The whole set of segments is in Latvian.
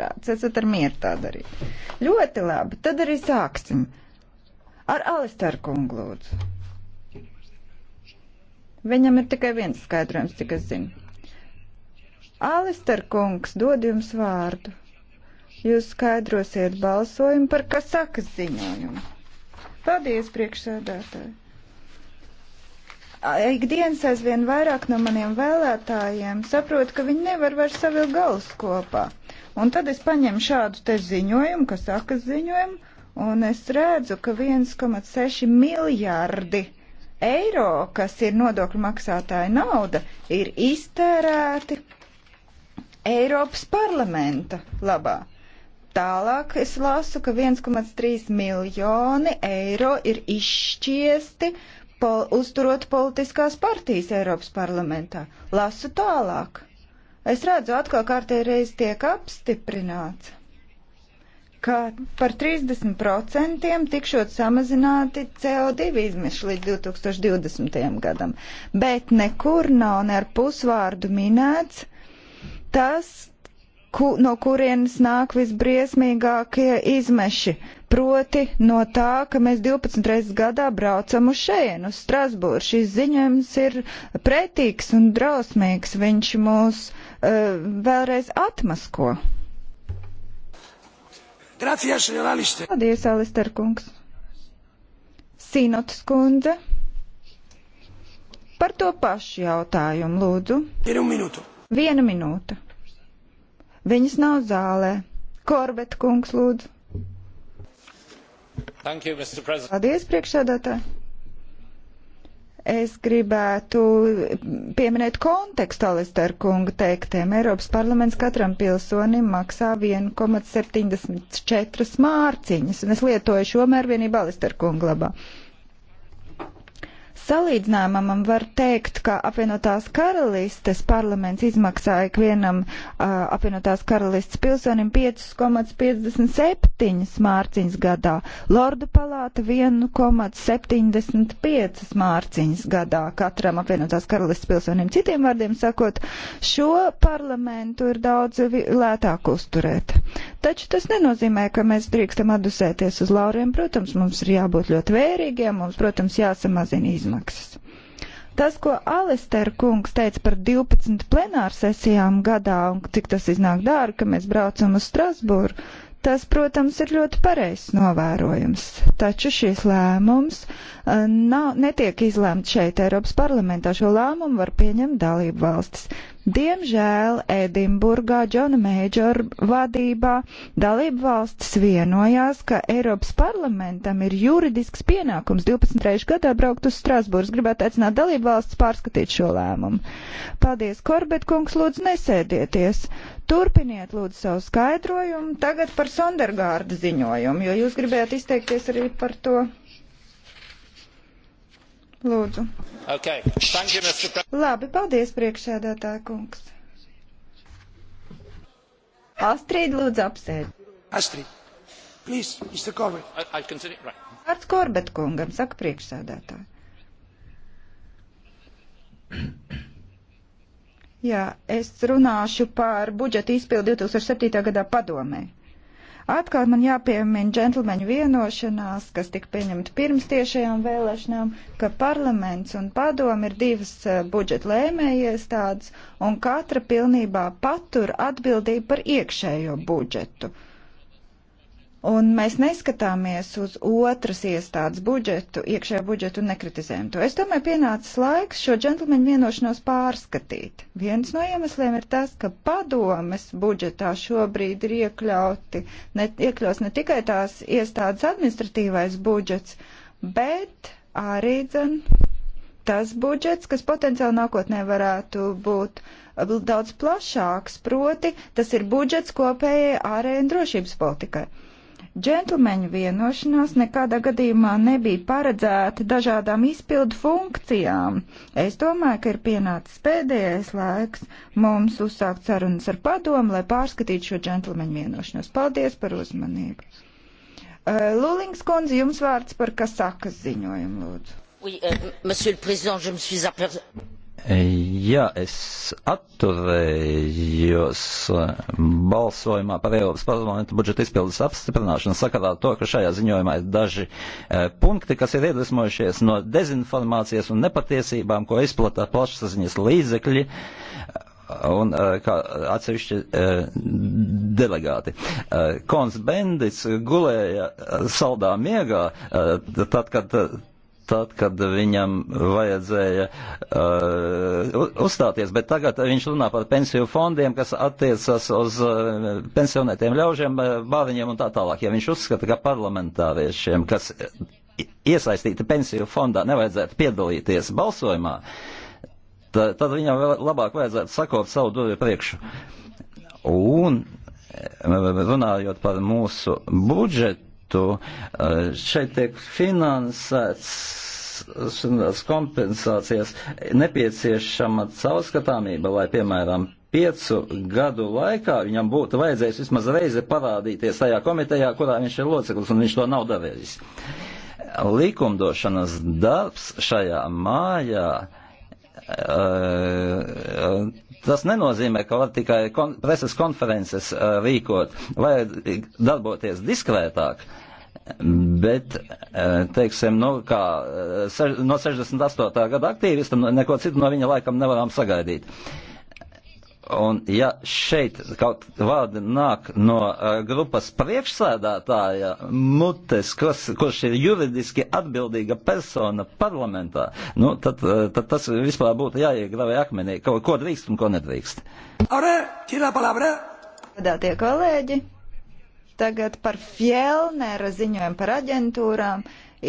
demokrāts. Esat ar mieru tā darīt. Ļoti labi. Tad arī sāksim. Ar Alistaru kungu lūdzu. Viņam ir tikai viens skaidrojums, cik es zinu. Alistair kungs dod jums vārdu. Jūs skaidrosiet balsojumu par Kasakas ziņojumu. Paldies, priekšsēdētāji! Ikdienas aizvien vairāk no maniem vēlētājiem saprot, ka viņi nevar vairs savilgt galus kopā. Un tad es paņemu šādu te ziņojumu, kas sakas ziņojumu, un es redzu, ka 1,6 miljardi eiro, kas ir nodokļu maksātāja nauda, ir iztērēti Eiropas parlamenta labā. Tālāk es lasu, ka 1,3 miljoni eiro ir izšķiesti pol uzturot politiskās partijas Eiropas parlamentā. Lasu tālāk Es redzu, atkal kārtīgi reiz tiek apstiprināts, ka par 30% tikšot samazināti CO2 izmeši līdz 2020. gadam, bet nekur nav ne ar pusvārdu minēts tas, ku, no kurienes nāk visbriesmīgākie izmeši. Proti no tā, ka mēs 12 reizes gadā braucam uz šejienu, uz Strasbūru. Šis ziņojums ir pretīgs un drausmīgs. Viņš mūs uh, vēlreiz atmasko. Gracias, senor Alister. Paldies, Alister kungs. Sinotas kundze. Par to pašu jautājumu lūdzu. Vienu minūtu. Viena minūte. Viņas nav zālē. Korbet kungs, lūdzu. Thank you, Mr. President. Paldies, priekšsēdētāji. Es gribētu pieminēt kontekstu Alister kunga teiktiem. Eiropas parlaments katram pilsonim maksā 1,74 mārciņas, un es lietoju šo mērvienību Alister kunga labā. Salīdzinājumam var teikt, ka apvienotās karalistes parlaments izmaksā ikvienam uh, apvienotās karalistes pilsonim 5,57 mārciņas gadā, Lordu palāta 1,75 mārciņas gadā katram apvienotās karalistes pilsonim. Citiem vārdiem sakot, šo parlamentu ir daudz lētāk uzturēt. Taču tas nenozīmē, ka mēs drīkstam atdusēties uz lauriem. Protams, mums ir jābūt ļoti vērīgiem, mums, protams, jāsamazina izmaksas izmaksas. Tas, ko Alistera kungs teica par 12 plenārsesijām gadā un cik tas iznāk dārgi, ka mēs braucam uz Strasbūru, Tas, protams, ir ļoti pareizs novērojums, taču šis lēmums eh, nav, netiek izlēmts šeit Eiropas parlamentā. Šo lēmumu var pieņemt dalību valstis. Diemžēl Edinburgā Džona Mēģora vadībā dalību valstis vienojās, ka Eiropas parlamentam ir juridisks pienākums 12 reižu gadā braukt uz Strasbūras. Gribētu aicināt dalību valstis pārskatīt šo lēmumu. Paldies, Korbet kungs, lūdzu nesēdieties. Turpiniet, lūdzu, savu skaidrojumu tagad par Sondergārda ziņojumu, jo jūs gribējāt izteikties arī par to. Lūdzu. Okay. You, Labi, paldies, priekšsēdētāja kungs. Astrid, lūdzu, apsēd. Astrid, please, Mr. Corbett. I, I continue, right. Vārds Korbet kungam, saka priekšsēdētāja. Jā, es runāšu par budžeta izpildu 2007. gadā padomē. Atkal man jāpiemina džentlmeņu vienošanās, kas tika pieņemta pirms tiešajām vēlēšanām, ka parlaments un padomi ir divas eh, budžeta lēmējiestādes un katra pilnībā patur atbildību par iekšējo budžetu. Uh, Un mēs neskatāmies uz otras iestādes budžetu, iekšējo budžetu un nekritizējam to. Es domāju, pienācis laiks šo džentlmeņu vienošanos pārskatīt. Viens no iemesliem ir tas, ka padomes budžetā šobrīd ir iekļauti, ne, iekļaus ne tikai tās iestādes administratīvais budžets, bet arī dzen tas budžets, kas potenciāli nākotnē varētu būt daudz plašāks, proti tas ir budžets kopējai ārējai un drošības politikai. Džentlmeņu vienošanās nekādā gadījumā nebija paredzēta dažādām izpildu funkcijām. Es domāju, ka ir pienācis pēdējais laiks mums uzsākt sarunas ar padomu, lai pārskatītu šo džentlmeņu vienošanos. Paldies par uzmanību. Uh, Lulings kundze, jums vārds par Kasakas ziņojumu, lūdzu. Oui, euh, Jā, es atturējos balsojumā par Eiropas parlamenta budžeta izpildes apstiprināšanu sakarā ar to, ka šajā ziņojumā ir daži eh, punkti, kas ir iedvesmojušies no dezinformācijas un nepatiesībām, ko izplatā plašsaziņas līdzekļi un e, kā atsevišķi e, delegāti. E, Kons Bendits gulēja saldā miegā, tad, kad tad, kad viņam vajadzēja uh, uzstāties, bet tagad viņš runā par pensiju fondiem, kas attiecas uz uh, pensionētiem ļaužiem, uh, bāriņiem un tā tālāk. Ja viņš uzskata, ka parlamentāriešiem, kas iesaistīti pensiju fondā, nevajadzētu piedalīties balsojumā, tad, tad viņam labāk vajadzētu sakot savu durvju priekšu. Un eh, runājot par mūsu budžetu, budžetu. Eh, šeit tiek finansēts kompensācijas nepieciešama caurskatāmība, lai, piemēram, piecu gadu laikā viņam būtu vajadzējis vismaz reizi parādīties tajā komitejā, kurā viņš ir loceklis, un viņš to nav darījis. Likumdošanas darbs šajā mājā. Uh, tas nenozīmē, ka var tikai kon preses konferences uh, rīkot, vajag darboties diskrētāk. Uh, Bet, eh, teiksim, nu, kā, eh, no 68. gada aktīvistam neko citu no viņa laikam nevaram sagaidīt. Un ja šeit kaut vārdi nāk no uh, grupas priekšsēdētāja mutes, kas, kurš ir juridiski atbildīga persona parlamentā, nu, tad, uh, tad tas vispār būtu jāiegravē akmenī, ko, ko drīkst un ko nedrīkst. Gadātie kolēģi! Tagad par Fjellnera ziņojumu par aģentūrām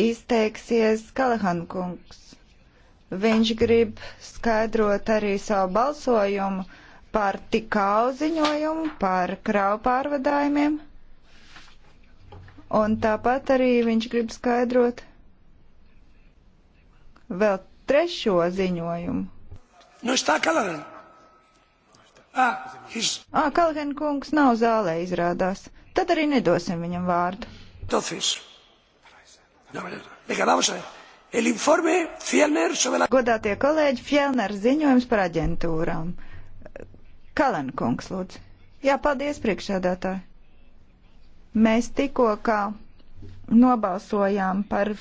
izteiksies Kalahan kungs. Viņš grib skaidrot arī savu balsojumu par tikau ziņojumu, par kravu pārvadājumiem. Un tāpat arī viņš grib skaidrot vēl trešo ziņojumu. Nu, tā Kalahan. Ah, his... ah, Kalahan kungs nav zālē, izrādās tad arī nedosim viņam vārdu. Entonces, no, venga, vamos a ver. El informe Fielner sobre la... Godātie kolēģi, Fielner ziņojums par aģentūrām. Kalenkungs, lūdzu. Jā, paldies, priekšsēdētāji. Mēs tikko kā nobalsojām par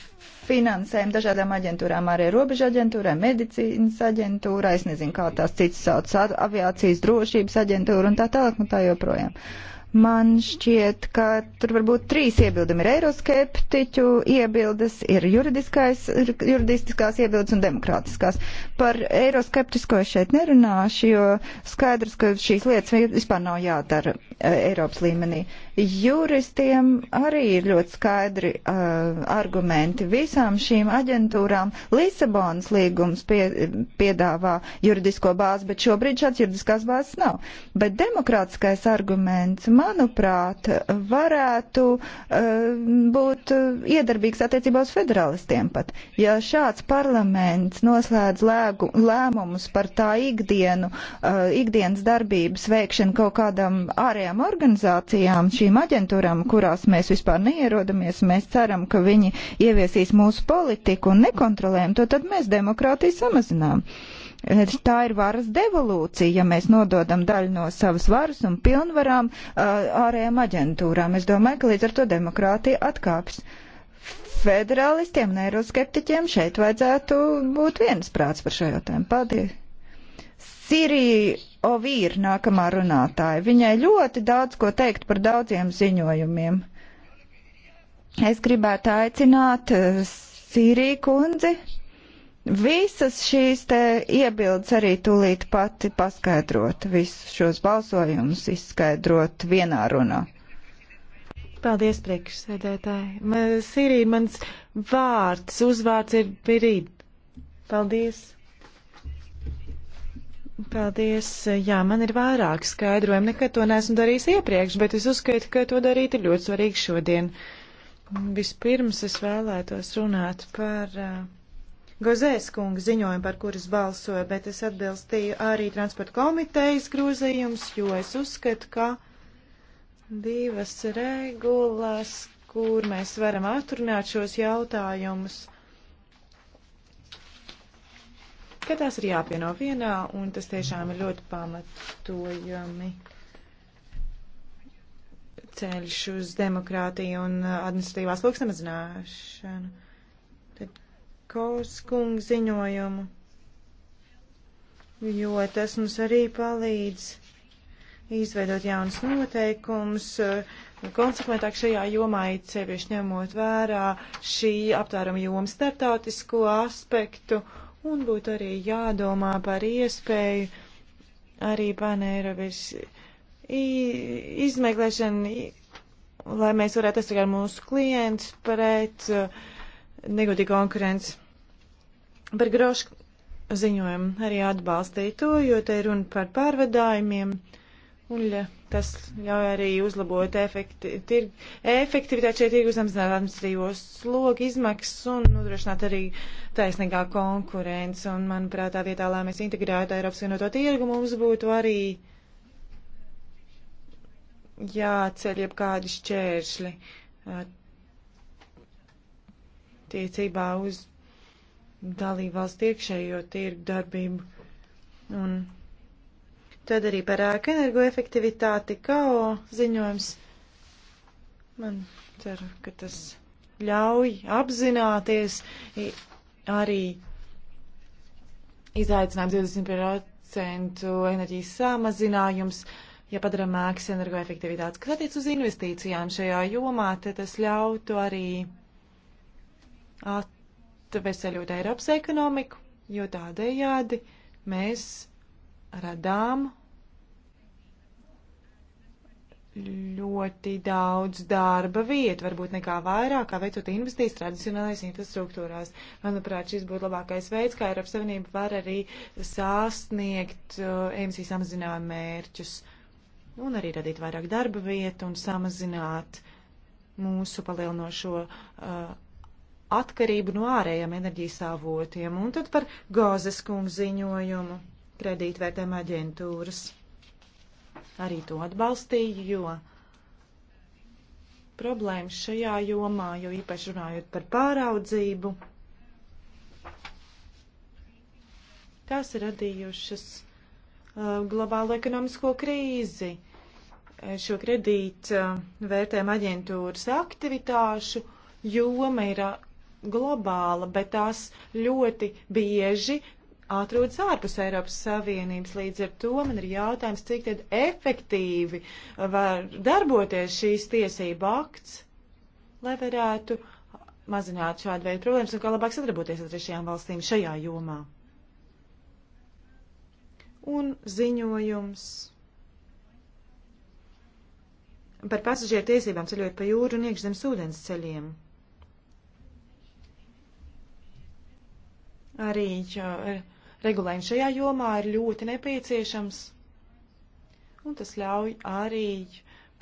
finansēm dažādām aģentūrām, arī robeža aģentūrai, medicīnas aģentūrai, es nezinu, kā tās citas sauc, aviācijas drošības aģentūra un tā tālāk un tā joprojām. Uh, Man šķiet, ka tur varbūt trīs iebildumi ir eiroskeptiķu iebildes, ir juridiskās iebildes un demokrātiskās. Par eiroskeptisko es šeit nerunāšu, jo skaidrs, ka šīs lietas vispār nav jādara e, Eiropas līmenī. Juristiem arī ir ļoti skaidri uh, argumenti. Visām šīm aģentūrām Lisabonas līgums pie, piedāvā juridisko bāzi, bet šobrīd šāds juridiskās bāzes nav. Bet demokrātiskais arguments, manuprāt, varētu uh, būt uh, iedarbīgs attiecībā uz federalistiem pat. Ja šāds parlaments noslēdz lēgu, lēmumus par tā ikdienu, uh, ikdienas darbības veikšanu kaut kādam ārējām organizācijām, šīm šīm aģentūrām, kurās mēs vispār neierodamies, mēs ceram, ka viņi ieviesīs mūsu politiku un nekontrolējam to, tad mēs demokrātiju samazinām. Eh, tā ir varas devolūcija, ja mēs nododam daļu no savas varas un pilnvarām eh, ārējām aģentūrām. Es domāju, ka līdz ar to demokrātija atkāps. Federālistiem, neiroskeptiķiem šeit vajadzētu būt viensprāts par šo jautājumu. Paldies! Sirija Ovīra nākamā runātāja. Viņai ļoti daudz ko teikt par daudziem ziņojumiem. Es gribētu aicināt eh, Sīriju kundzi. Visas šīs te iebildes arī tūlīt pati paskaidrot, visus šos balsojumus izskaidrot vienā runā. Paldies, priekšsēdētāji. Man, Sirī, mans vārds, uzvārds ir Birīd. Paldies. Paldies. Jā, man ir vairāk skaidrojumu, nekad to neesmu darījis iepriekš, bet es uzskatu, ka to darīt ir ļoti svarīgi šodien. Vispirms es vēlētos runāt par uh, Gozēs kunga ziņojumu, par kuras balsoju, bet es atbilstīju arī transporta komitejas grozījums, jo es uzskatu, ka divas regulas, kur mēs varam atrunāt šos jautājumus. Uh, ka tās ir jāpieno vienā, un tas tiešām ir ļoti pamatojami ceļš uz demokrātiju un administratīvās lūk samazināšanu. Tad Kauskunga ziņojumu, jo tas mums arī palīdz izveidot jaunas noteikumus, konsekventāk šajā jomā ir sevišķi ņemot vērā šī aptvēruma joma starptautisko aspektu Un būtu arī jādomā par iespēju arī paneirovis izmeklēšanu, lai mēs varētu aizsargāt mūsu klientus pret uh, negodīgu konkurenci. Par grošu ziņojumu arī atbalstīju to, jo te ir runa par pārvadājumiem. Uh, Un ļa, tas ļauj arī uzlabot efekti, tir, efektivitāti šeit tirgus, samazināt administratīvos slogu izmaksas un nodrošināt arī taisnīgā konkurence. Un, manuprāt, tā vietā, lai mēs integrētu Eiropas vienoto tirgu, mums būtu arī jāceļ jeb kādi šķēršļi tiecībā uz dalību valsts iekšējo tirgu darbību. Un, Tad arī par ēku energoefektivitāti KO ziņojums. Man ceru, ka tas ļauj apzināties arī izaicinājums 20% enerģijas samazinājums, ja padaram ēkas energoefektivitātes. Kas attiec uz investīcijām šajā jomā, tad tas ļautu arī atveseļot Eiropas ekonomiku, jo tādējādi mēs radām ļoti daudz darba vietu, varbūt nekā vairāk, kā veicot investīcijas tradicionālajās infrastruktūrās. Manuprāt, šis būtu labākais veids, kā Eiropas Savienība var arī sasniegt uh, emisiju samazinājumu mērķus un arī radīt vairāk darba vietu un samazināt mūsu palielinošo uh, atkarību no ārējiem enerģijas avotiem. Un tad par Gozes kungu ziņojumu kredītvērtēm aģentūras arī to atbalstīju, jo problēmas šajā jomā, jo īpaši runājot par pāraudzību, tās ir radījušas uh, globālu ekonomisko krīzi. Uh, šo kredītu uh, vērtējuma aģentūras aktivitāšu joma ir uh, globāla, bet tās ļoti bieži atrodas ārpus Eiropas Savienības. Līdz ar to man ir jautājums, cik tad efektīvi var darboties šīs tiesība akts, lai varētu mazināt šādu veidu problēmas un kā labāk sadarboties ar trešajām valstīm šajā jomā. Un ziņojums par pasažieru tiesībām ceļojot pa jūru un iekšzemes ūdens ceļiem. Arī ar, Regulējums šajā jomā ir ļoti nepieciešams, un tas ļauj arī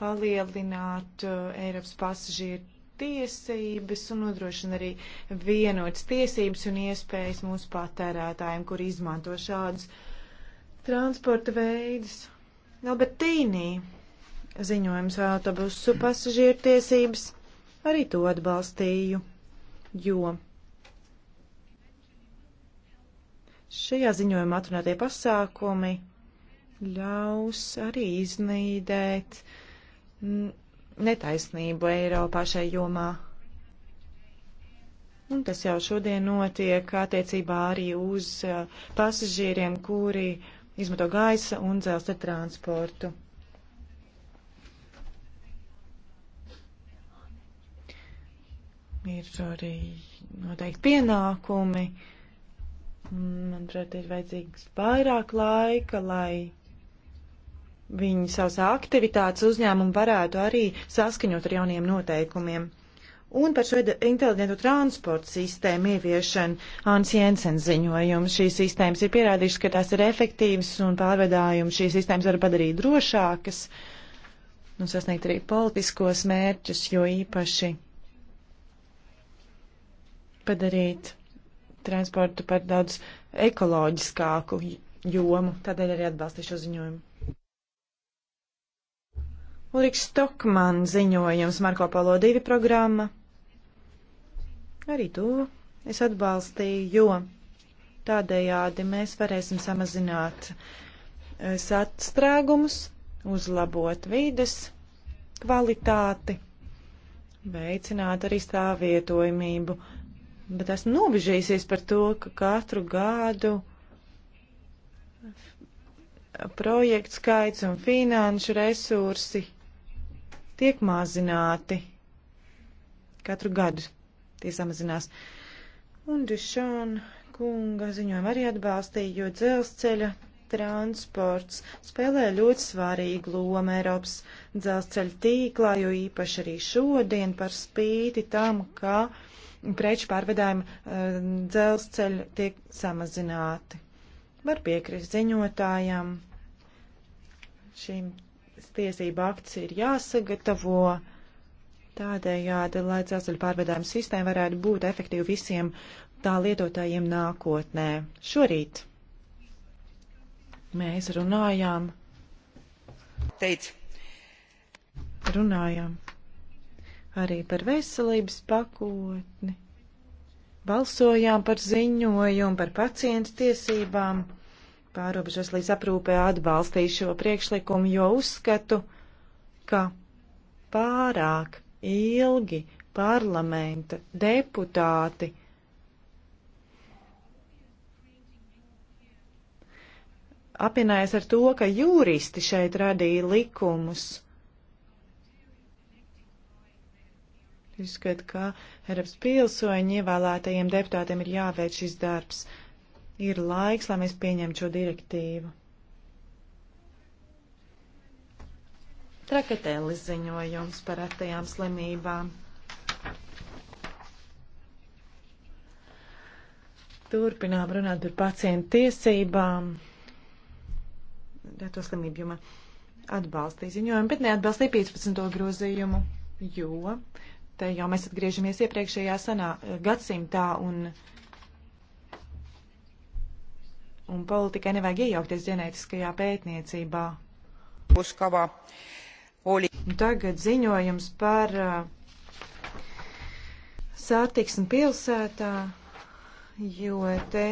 palielināt uh, Eiropas pasažieru tiesības un nodrošina arī vienotas tiesības un iespējas mūsu patērētājiem, kur izmanto šādus transporta veidus. Albertīnī ziņojums autobusu pasažieru tiesības arī to atbalstīju, jo Šajā ziņojumā atrunātie pasākumi ļaus arī iznīdēt netaisnību Eiropā šai jomā. Un tas jau šodien notiek attiecībā arī uz pasažieriem, kuri izmanto gaisa un dzelzceļa transportu. Ir arī noteikti pienākumi. Uh, Manuprāt, ir vajadzīgs vairāk laika, lai viņi savas aktivitātes uzņēmumu varētu arī saskaņot ar jauniem noteikumiem. Un par šo inteliģentu transportu sistēmu ieviešanu Hans Jensen ziņojums. Šīs sistēmas ir pierādījušas, ka tās ir efektīvas un pārvedājumi šīs sistēmas var padarīt drošākas un sasniegt arī politiskos mērķus, jo īpaši padarīt transportu par daudz ekoloģiskāku jomu. Tādēļ arī atbalstīšu šo ziņojumu. Ulriks Stokman ziņojums Marko Polo 2 programma. Arī to es atbalstīju, jo tādējādi mēs varēsim samazināt eh, sastrēgumus, uzlabot vides kvalitāti, veicināt arī stāvvietojamību bet esmu nobežījusies par to, ka katru gadu projektu skaits un finanšu resursi tiek mazināti. Katru gadu tie samazinās. Un Dušana kunga ziņojumu arī atbalstīja, jo dzelzceļa transports spēlē ļoti svarīgu lomu Eiropas dzelzceļa tīklā, jo īpaši arī šodien par spīti tam, ka uh, preču pārvedājumi eh, dzelzceļu tiek samazināti. Var piekrist ziņotājam. Šīm tiesību akts ir jāsagatavo tādējādi, lai dzelzceļu pārvedājumu sistēma varētu būt efektīva visiem tā lietotājiem nākotnē. Šorīt mēs runājām. Teic. Runājām arī par veselības pakotni. Balsojām par ziņojumu par pacientu tiesībām. Pārobežas līdz aprūpē atbalstīju šo priekšlikumu, jo uzskatu, ka pārāk ilgi parlamenta deputāti apvienojas ar to, ka juristi šeit radīja likumus Uzskatu, ka Eiropas pilsoņi ievēlētajiem deputātiem ir jāveic šis darbs. Ir laiks, lai mēs pieņemtu šo direktīvu. Traketēlis ziņojums par atajām slimībām. Turpinām runāt par pacientu tiesībām. Reto slimību jumā atbalstīja ziņojumu, bet neatbalstīja 15. grozījumu, jo Te jau mēs atgriežamies iepriekšējā sanā, eh, gadsimtā un, un politikai nevajag iejaukties ģenētiskajā pētniecībā. Puskavā. Oli. Tagad ziņojums par uh, eh, satiksmi pilsētā, jo te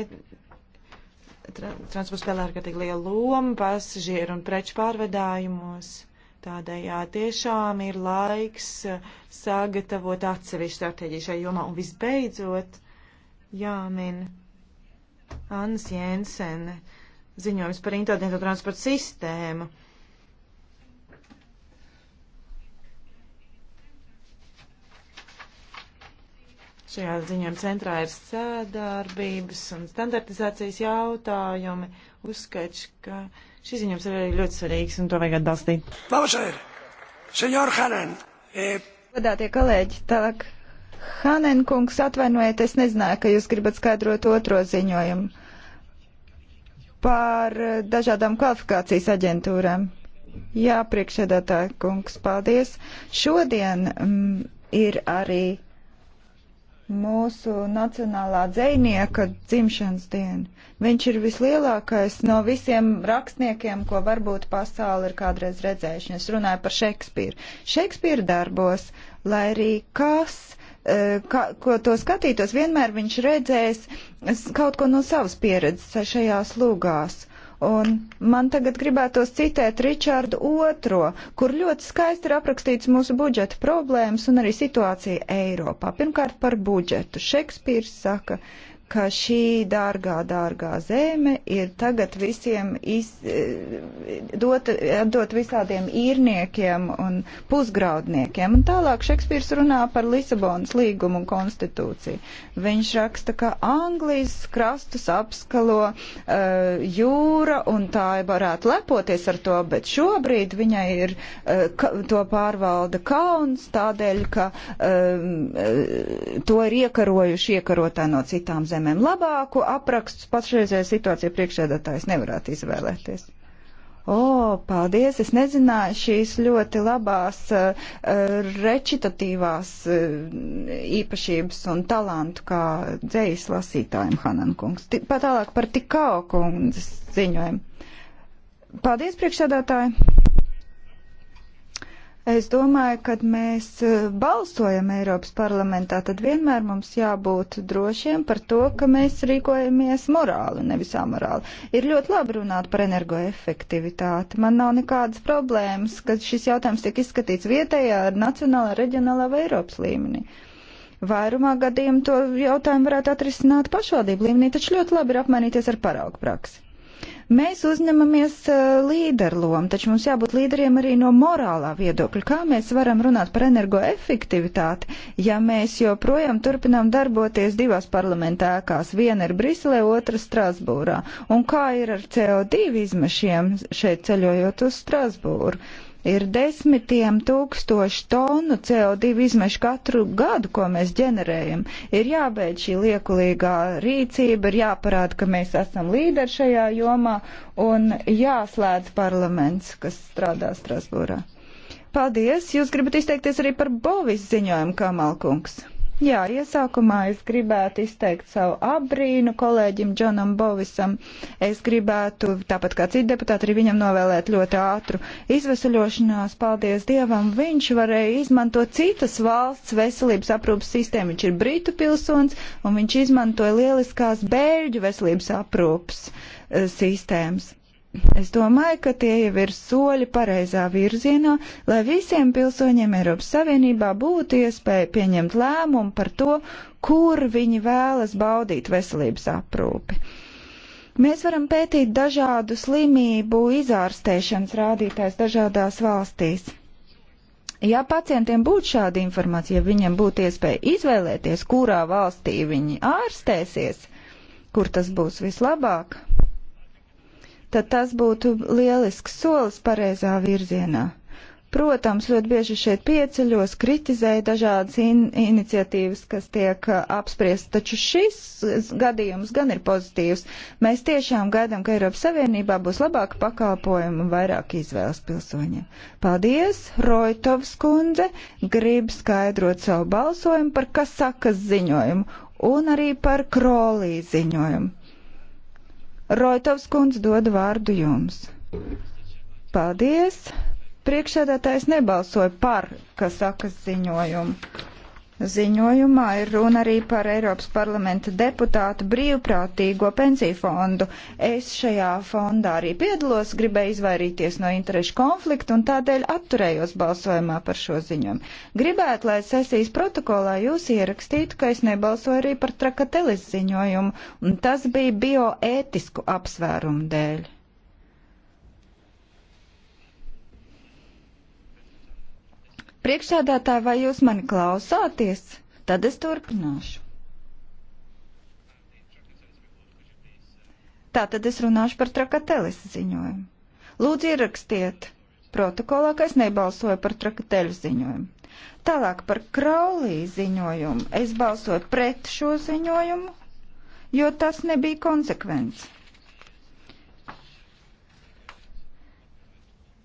tra transports spēlē ārkārtīgi lielu lomu pasažieru un preču pārvedājumos. Tādējā tiešām ir laiks eh, sagatavot atsevišķu stratēģiju šai jomā. Un visbeidzot, jāmin Annas Jensene ziņojums par internetu transporta sistēmu. Šajā ziņojuma centrā ir sēdarbības un standartizācijas jautājumi. Uzskaits, ka Šis ziņojums ir ļoti svarīgs un to vajag atbalstīt. Labasēr, senjor Hanen. E... Godātie kolēģi, tālāk. Hanen kungs, atvainojiet, es nezināju, ka jūs gribat skaidrot otro ziņojumu par dažādām kvalifikācijas aģentūrām. Jā, priekšsēdētāji kungs, paldies. Šodien mm, ir arī mūsu nacionālā dzējnieka dzimšanas dienu. Viņš ir vislielākais no visiem rakstniekiem, ko varbūt pasauli ir kādreiz redzējuši. Es runāju par Šekspīru. Šekspīra darbos, lai arī kas, e, ka, ko to skatītos, vienmēr viņš redzēs kaut ko no savas pieredzes šajās lūgās. Un man tagad gribētos citēt Ričārdu II, kur ļoti skaisti ir aprakstīts mūsu budžeta problēmas un arī situācija Eiropā. Pirmkārt par budžetu. Šekspīrs saka, ka šī dārgā, dārgā zeme ir tagad visiem iz, eh, dot, dot visādiem īrniekiem un pusgraudniekiem. Un tālāk Šekspīrs runā par Lisabonas līgumu un konstitūciju. Viņš raksta, ka Anglijas krastus apskalo uh, jūra un tā varētu lepoties ar to, bet šobrīd viņai ir uh, ka, to pārvalda kauns tādēļ, ka um, uh, to ir iekarojuši iekarotāji no citām zemēm zemēm. Labāku aprakstu pašreizējai situācijai priekšēdātājs nevarētu izvēlēties. O, paldies! Es nezināju šīs ļoti labās uh, rečitatīvās uh, īpašības un talantu kā dzējas lasītājiem, Hanan kungs. Pat tālāk par tikau kundzes ziņojumu. Paldies, priekšsēdētāji! Es domāju, kad mēs e, balsojam Eiropas parlamentā, tad vienmēr mums jābūt drošiem par to, ka mēs rīkojamies morāli, nevis amorāli. Ir ļoti labi runāt par energoefektivitāti. Man nav nekādas problēmas, ka šis jautājums tiek izskatīts vietējā, nacionālā, reģionālā vai Eiropas līmenī. Vairumā gadījumu to jautājumu varētu atrisināt pašvaldību līmenī, taču ļoti labi ir apmainīties ar paraugu praksi. Mēs uzņemamies uh, līderlomu, taču mums jābūt līderiem arī no morālā viedokļa. Kā mēs varam runāt par energoefektivitāti, ja mēs joprojām turpinām darboties divās parlamentā ēkās? Viena ir Briselē, otra Strasbūrā. Un kā ir ar CO2 izmešiem šeit ceļojot uz Strasbūru? Ir desmitiem tūkstoši tonu CO2 izmešu katru gadu, ko mēs ģenerējam. Ir jābeidz šī liekulīgā rīcība, ir jāparāda, ka mēs esam līderi šajā jomā un jāslēdz parlaments, kas strādā Strasbūrā. Paldies! Jūs gribat izteikties arī par Bovis ziņojumu, Kamalkungs. Jā, iesākumā es gribētu izteikt savu apbrīnu kolēģim Džonam Bovisam. Es gribētu, tāpat kā citi deputāti, arī viņam novēlēt ļoti ātru izvesaļošanās. Paldies Dievam, viņš varēja izmantot citas valsts veselības aprūpas sistēmu. Viņš ir Britu pilsons un viņš izmantoja lieliskās Bēļģu veselības aprūpas eh, sistēmas. Es domāju, ka tie jau ir soļi pareizā virzienā, lai visiem pilsoņiem Eiropas Savienībā būtu iespēja pieņemt lēmumu par to, kur viņi vēlas baudīt veselības aprūpi. Mēs varam pētīt dažādu slimību izārstēšanas rādītājs dažādās valstīs. Ja pacientiem būtu šāda informācija, ja viņiem būtu iespēja izvēlēties, kurā valstī viņi ārstēsies, kur tas būs vislabāk, tad tas būtu lielisks solis pareizā virzienā. Protams, ļoti bieži šeit pieceļos, kritizēja dažādas in iniciatīvas, kas tiek uh, apspriestas, taču šis gadījums gan ir pozitīvs. Mēs tiešām gaidām, ka Eiropas Savienībā būs labāka pakalpojuma un vairāk izvēles pilsoņiem. Paldies, Roitovs kundze, grib skaidrot savu balsojumu par Kasakas ziņojumu un arī par Krolī ziņojumu. Roitovs kundze dod vārdu jums. Paldies! Priekšsēdētājs nebalsoja par, kas sakas ziņojumu. Ziņojumā ir runa arī par Eiropas parlamenta deputātu brīvprātīgo pensiju fondu. Es šajā fondā arī piedalos, gribēju izvairīties no interešu konflikta un tādēļ atturējos balsojumā par šo ziņojumu. Gribētu, lai sesijas protokolā jūs ierakstītu, ka es nebalsoju arī par trakatelis ziņojumu, un tas bija bioētisku apsvērumu dēļ. Priekšsēdētāji, vai jūs mani klausāties? Tad es turpināšu. Tā tad es runāšu par trakatelis ziņojumu. Lūdzu, ierakstiet protokolā, ka es nebalsoju par trakatelis ziņojumu. Tālāk par Kraulī ziņojumu. Es balsoju pret šo ziņojumu, jo tas nebija konsekvents.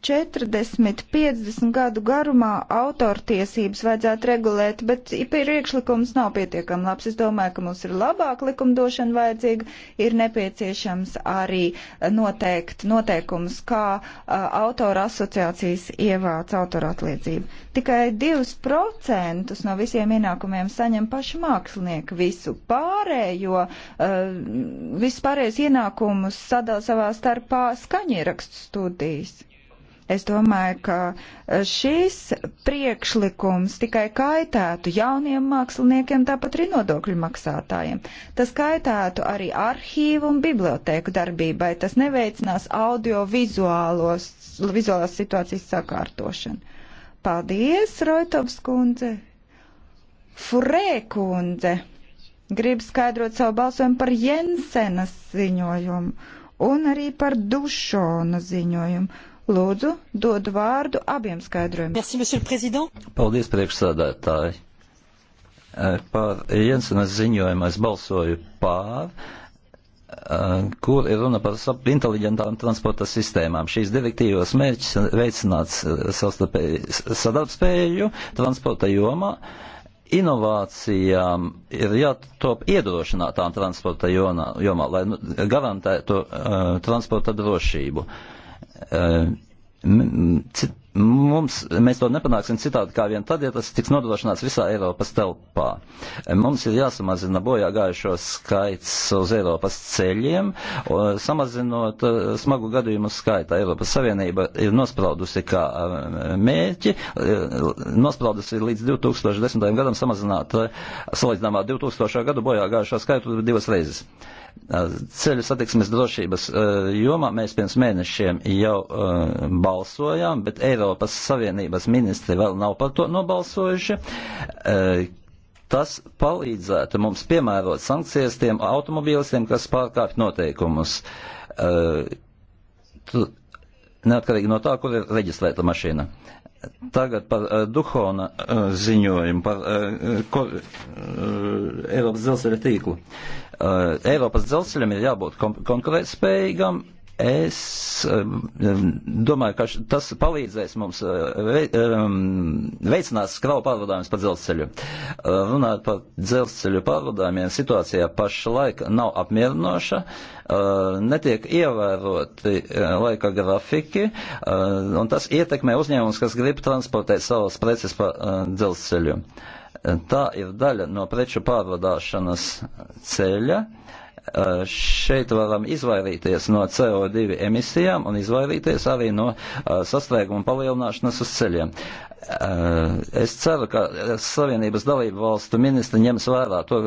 40, 50 gadu garumā autortiesības vajadzētu regulēt, bet priekšlikums nav pietiekami labs. Es domāju, ka mums ir labāka likumdošana vajadzīga, ir nepieciešams arī noteikt noteikums, kā uh, autora asociācijas ievāc autora atliecību. Tikai 2% no visiem ienākumiem saņem paši mākslinieki visu pārējo, uh, vispārējos ienākumus sadala savā starpā skaņierakstu studijas. Es domāju, ka e, šīs priekšlikums tikai kaitētu jauniem māksliniekiem, tāpat arī nodokļu maksātājiem. Tas kaitētu arī arhīvu un bibliotēku darbībai. Tas neveicinās audiovizuālās situācijas sakārtošanu. Paldies, Roitovs kundze! Furē kundze! Grib skaidrot savu balsojumu par Jensenas ziņojumu un arī par Dušona ziņojumu. Lūdzu, dodu vārdu abiem skaidrojumiem. Merci, Paldies, priekšsādātāji. E, par Jensenas ziņojumu es balsoju pār, e, kur ir runa par inteliģentām transporta sistēmām. Šīs direktīvas mērķis veicināt sadarbspēju transporta jomā inovācijām ir jātop iedrošinātām transporta jomā, jomā lai nu- garantētu uh, transporta drošību. Uh, Ehm, mums, mēs to nepanāksim citādi kā vien tad, ja tas tiks nodrošināts visā Eiropas telpā. Ehm, mums ir jāsamazina bojā gājušo skaits uz Eiropas ceļiem, samazinot e, smagu gadījumu skaitu. Eiropas Savienība ir nospraudusi kā e, mērķi, e, nospraudusi līdz 2010. gadam samazināt salīdzināmā 2000. gadu bojā gājušo skaitu divas reizes. Ceļu satiksmes drošības eh, jomā mēs pirms mēnešiem jau eh, balsojām, bet Eiropas Savienības ministri vēl nav par to nobalsojuši. Eh, tas palīdzētu mums piemērot sankcijas tiem automobīlistiem, kas pārkāpj noteikumus. Neatkarīgi no tā, kur ir reģistrēta mašīna. Uh, Tagad par uh, Duhona uh, ziņojumu, par uh, ko, uh, Eiropas dzelzceļa tīklu. Uh, Eiropas dzelzceļam ir jābūt konkurētspējīgam Es um, um, domāju, ka tas palīdzēs mums uh, um, veicinās kravu pārvadājumus pa dzelzceļu. Uh, runājot par dzelzceļu pārvadājumiem, situācijā pašlaik nav apmierinoša, uh, netiek ievēroti laika grafiki, un tas ietekmē uzņēmumus, kas grib transportēt savas preces pa dzelzceļu. Tā ir daļa no preču pārvadāšanas ceļa. Uh, Šeit varam izvairīties no CO2 emisijām un izvairīties arī no sastrēguma palielināšanas uz ceļiem. Es ceru, ka Savienības dalību valstu ministri ņems vērā to,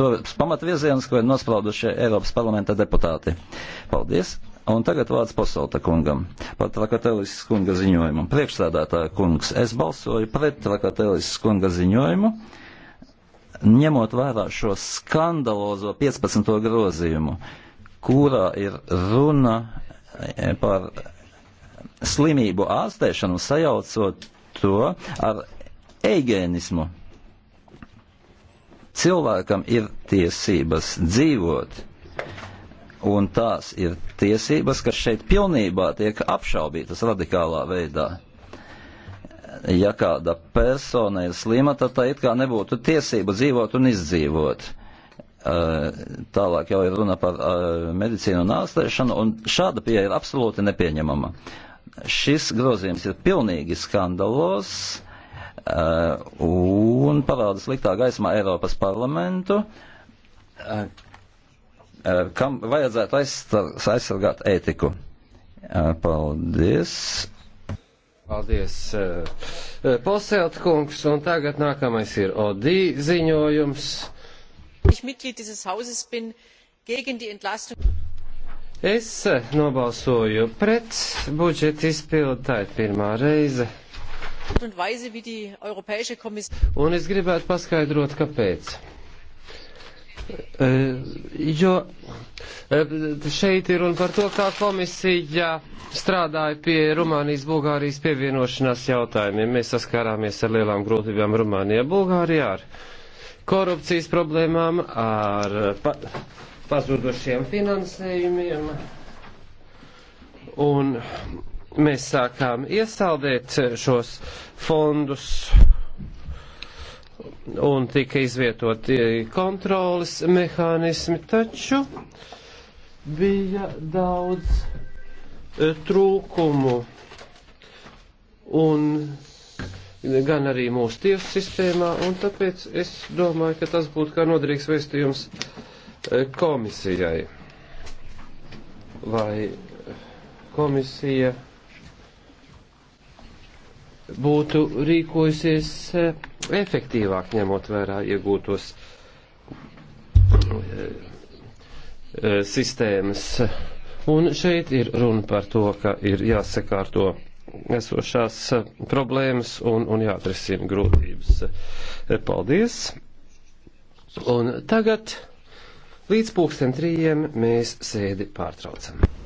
to pamatvirzienus, ko ir nospraudušie Eiropas parlamenta deputāti. Paldies! Un tagad vārds Pasaulta kungam par Trakatelis kunga ziņojumu. Priekšstādātāja kungs, es balsoju pret Trakatelis kunga ziņojumu. Uh, ņemot vērā šo skandalozo 15. grozījumu, kurā ir runa eh, par slimību ārstēšanu, sajaucot to ar eigēnismu. Cilvēkam ir tiesības dzīvot, un tās ir tiesības, kas šeit pilnībā tiek apšaubītas radikālā veidā ja kāda persona ir slima, tad tā it kā nebūtu tiesība dzīvot un izdzīvot. Tālāk jau ir runa par medicīnu un ārstēšanu, un šāda pieeja ir absolūti nepieņemama. Šis grozījums ir pilnīgi skandalos un parāda sliktā gaismā Eiropas parlamentu, kam vajadzētu aizsargāt ētiku. Paldies! Paldies, eh, eh, Poselt kungs, un tagad nākamais ir Odī ziņojums. Es eh, nobalsoju pret budžeta izpildu, tā ir pirmā reize. Un es gribētu paskaidrot, kāpēc. Eh, jo eh, šeit ir runa par to, kā komisija strādāja pie Rumānijas, Bulgārijas pievienošanās jautājumiem. Mēs saskārāmies ar lielām grūtībām Rumānijā, Bulgārijā, ar korupcijas problēmām, ar eh, pa pazudušiem finansējumiem. Un mēs sākām iesaldēt šos fondus un tika izvietoti kontroles mehānismi, taču bija daudz e, trūkumu un gan arī mūsu tiesu sistēmā, un tāpēc es domāju, ka tas būtu kā noderīgs vēstījums e, komisijai. Vai komisija būtu rīkojusies e, efektīvāk, ņemot vērā iegūtos e, e, sistēmas. Un šeit ir runa par to, ka ir jāsakārto esošās problēmas un, un jāatrisina grūtības. Paldies! Un tagad līdz pulksten trījiem mēs sēdi pārtraucam.